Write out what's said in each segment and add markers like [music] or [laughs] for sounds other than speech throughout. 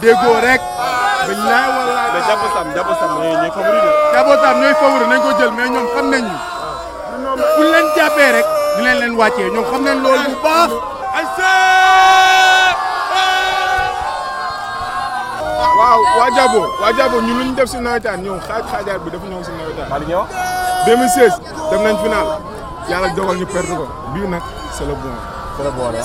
déggoo rek. billaay wallaay mais jàpp sam jàpp sam ñooy favori nañ ko jël mais ñoom xam nañ ñu. bu leen jàppee rek. dinañ leen wàccee ñoom xam nañ loolu bu baax. waaw waa Diabo waa Diabo ñun lu ñu def si nawetaan ñoom xaaj xaajaat bi dafa ñëw si nawetaan. maa ngi ñëw. 2016 dem nañ final yàlla dogal ñu perdre ko bii nag c'est le bon.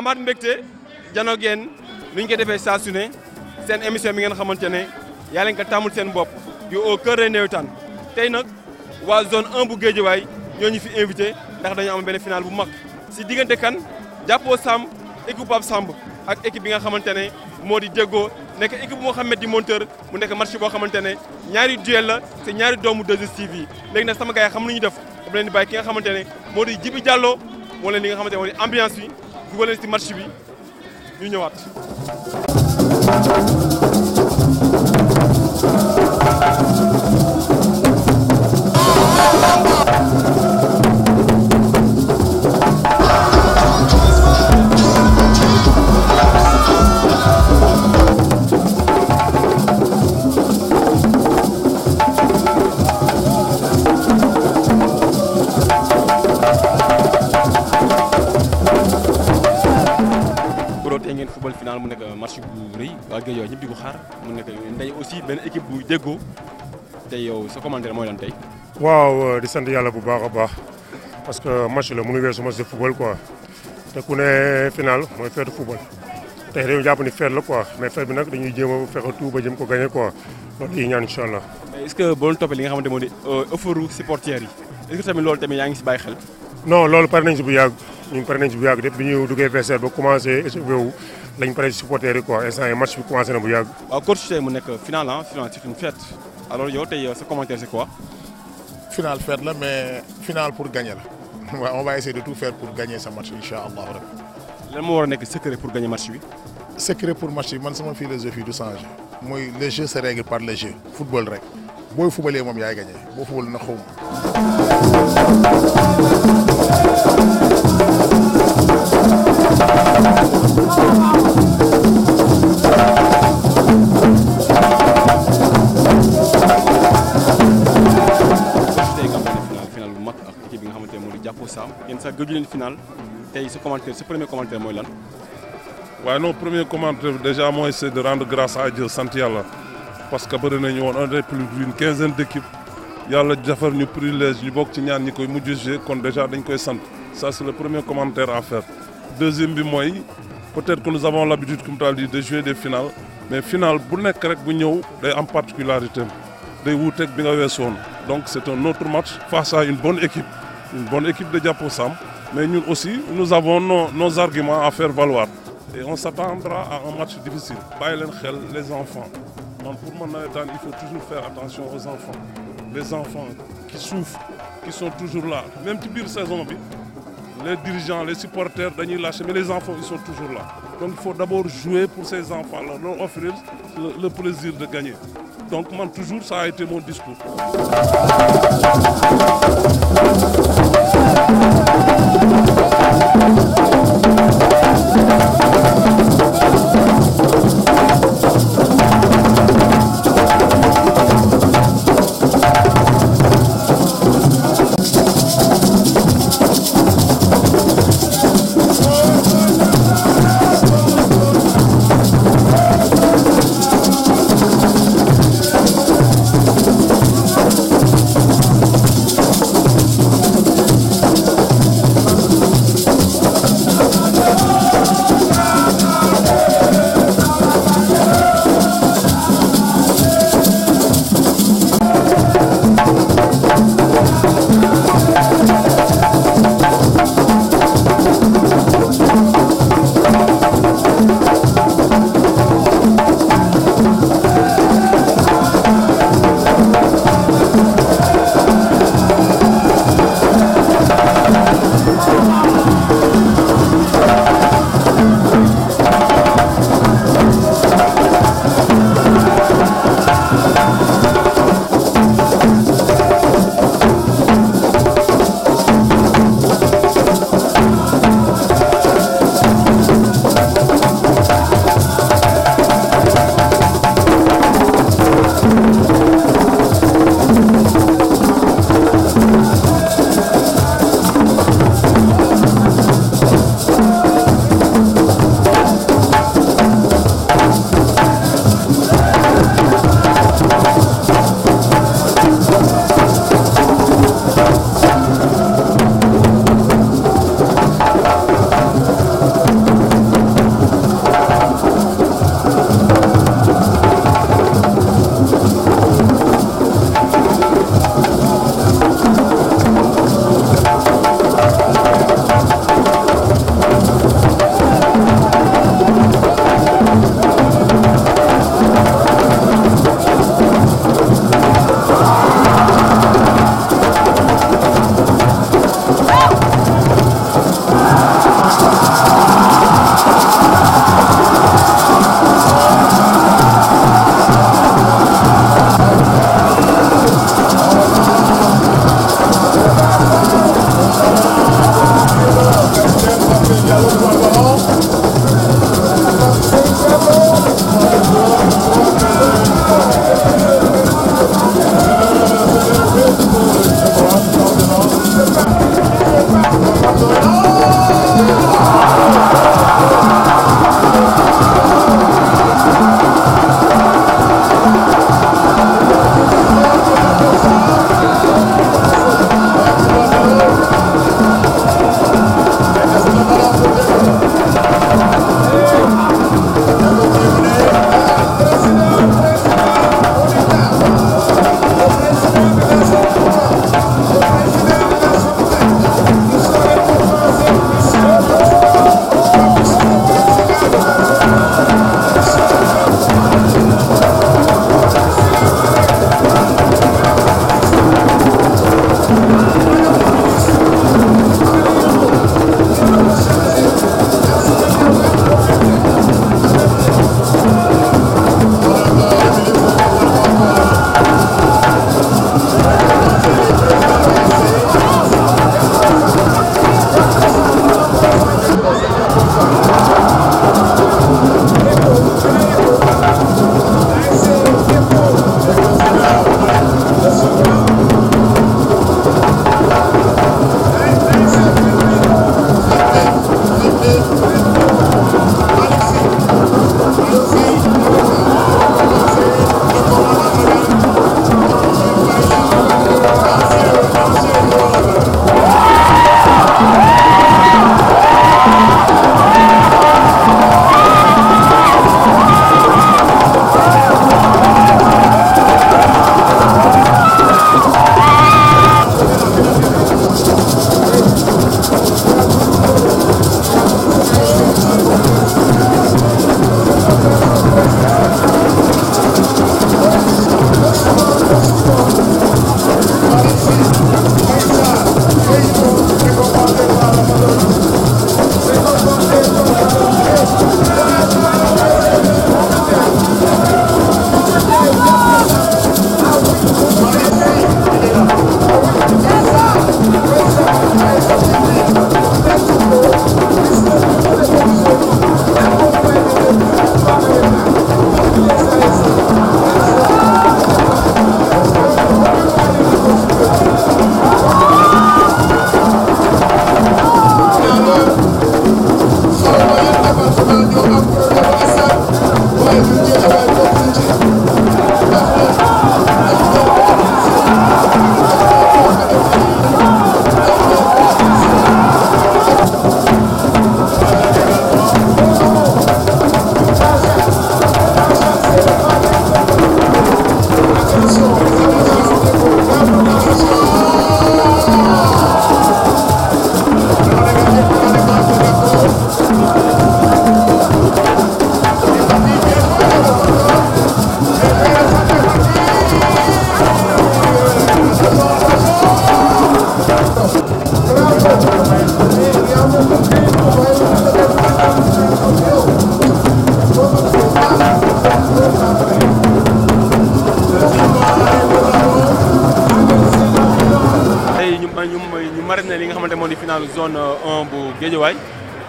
amaat mbégte janoo geen nu ñu ko defee saa su ne seen émission bi ngeen xamante ne yaa leen ko tàmmul seen bopp yu au cœur des nawetaan tey nag waa zone 1 bu Guédiawaye ñoo ñu fi invité ndax dañu am benn final bu mag si diggante kan jàppoo Samb équipe Pape Samb ak équipe bi nga xamante ne moo di déggoo nekk équipe Mouhamed di monteur mu nekk match boo xamante ne ñaari duel la te ñaari doomu 2STV yi léegi nag sama gars xam lu ñu def dama leen di bàyyi ki nga xamante ne moo di Jibi Diallo moo li nga xamante ne moo di dugal ci match bi ñu ñëwaat. aussi benn équipe bu déggoo tey yow sa commentaire mooy lan tey. waaw euh, di sant yàlla bu baax a baax parce que match la mënu weesu match de football quoi te ku ne final mooy feetu football tey dañoo jàpp ni feet la quoi mais feet bi nag dañuy jéem a tout ba jëm ko gagné quoi loolu dañuy ñaan incha allah. mais est toppee li nga xamante moo di euh, ëffëru supporters yi est ce que tamit loolu tamit yaa ngi si bàyyi xel. non loolu pare nañ si bu yàgg. ñu pare nañ ci bu yàgg depuis bi ñu duggee vestiaire ba commencé échauffé wu lañ pare ci supporter yi quoi instant yi match bi commencé na bu yàgg. waaw coach tey mu nekk final ah final c'est une fête yow tey sa commentaire c'est quoi. final fête la mais final pour gagner la [laughs] waaw on va essayer de tout faire pour gagner sa match incha allah rabbi. lan moo war a nekk secret pour gagner match bi. secret pour match bi man sama philosophie du changer mooy le jeu se règle par le moom yaay gagné boo mag bi nga moo tey sa commentaire sa premier commentaire mooy lan. waaye non premier commentaire déjà mooy c'est de rendre grâce à sant yàlla parce que bëri nañu woon on est plus d'une quinzaine d'équipes yàlla defar ñu privilège ñu bokk ci ñaan ñi koy mujj kon déjà dañ koy sant ça c'est le premier commentaire à faire deuxième bi mooy peut-être que nous avons l'habitude comme tu as dit de jouer des finales mais finale bu nekk rek bu ñëw day am particularité day wuuteeg bi nga weesoon donc c'est un autre match face à une bonne équipe une bonne équipe de Diapo Sam mais ñun aussi nous avons nos, nos arguments à faire valoir et on s'attendra à un match difficile bàyyi leen xel les enfants man pour man nawetaan il faut toujours faire attention aux enfants les enfants qui souffrent qui sont toujours là même ci biir saison bi les dirigeants, les supporters, mais les enfants, ils sont toujours là. Donc il faut d'abord jouer pour ces enfants-là, leur offrir le, le, de gagner. Donc moi, toujours, ça a été mon discours.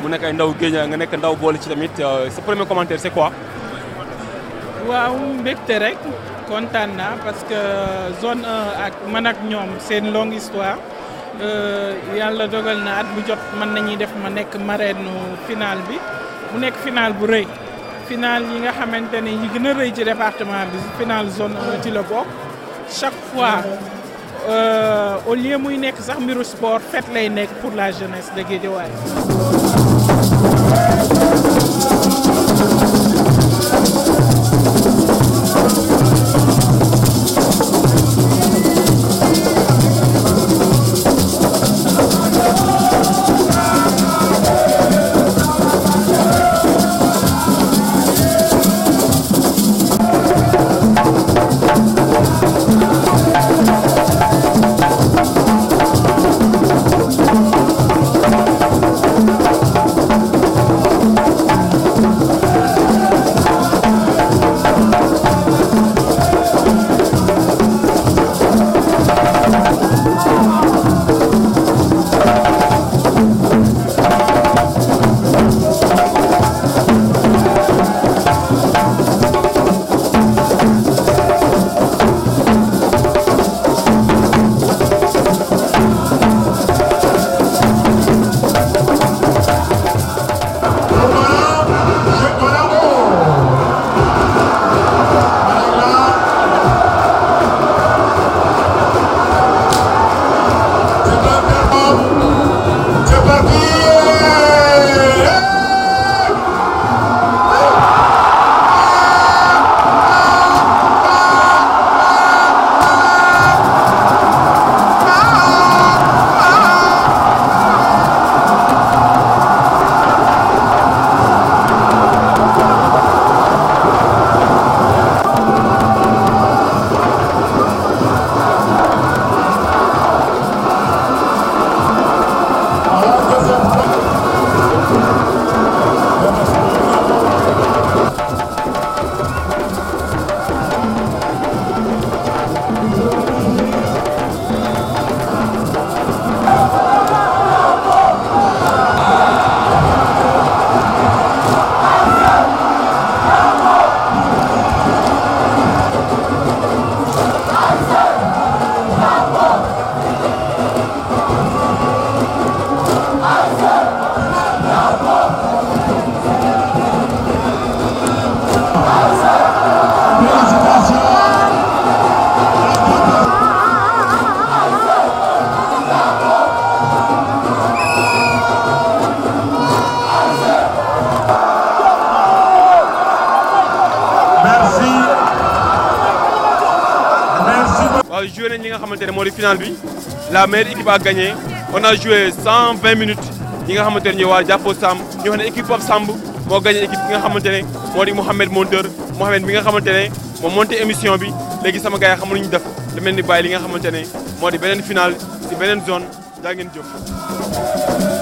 mu nekk ay ndaw géej nga nekk ndaw boole ci tamit euh, sa premier commentaire c'est quoi. waaw mbégte rek kontaan naa parce que euh, zone ak man ak ñoom seen longue histoire euh, yàlla dogal na at bu jot mën nañuy def ma nekk marraine final bi mu nekk final bu rëy final yi nga xamante ne yi gën a rëy ci département bi final zone 1 ci la bokk chaque fois au lieu muy nekk sax mbiru sport fête lay nekk pour la jeunesse de Guédiawaye Thank you. a joué nañ li nga xamante ne moo di finale bi la meilleure équipe a gagné on a joué 120 ñi nga xamante ne ñooy waa jàppo Samb ñu wax ne équipe Pape Samb moo gagné équipe bi nga xamante ne moo di Mouhamed Monteur Mouhamed mi nga xamante ne moo monté émission bi léegi sama gars yi xamul ñu mel ni bàyyi li nga xamante ne moo di beneen finale si beneen zone jaa ngeen jëf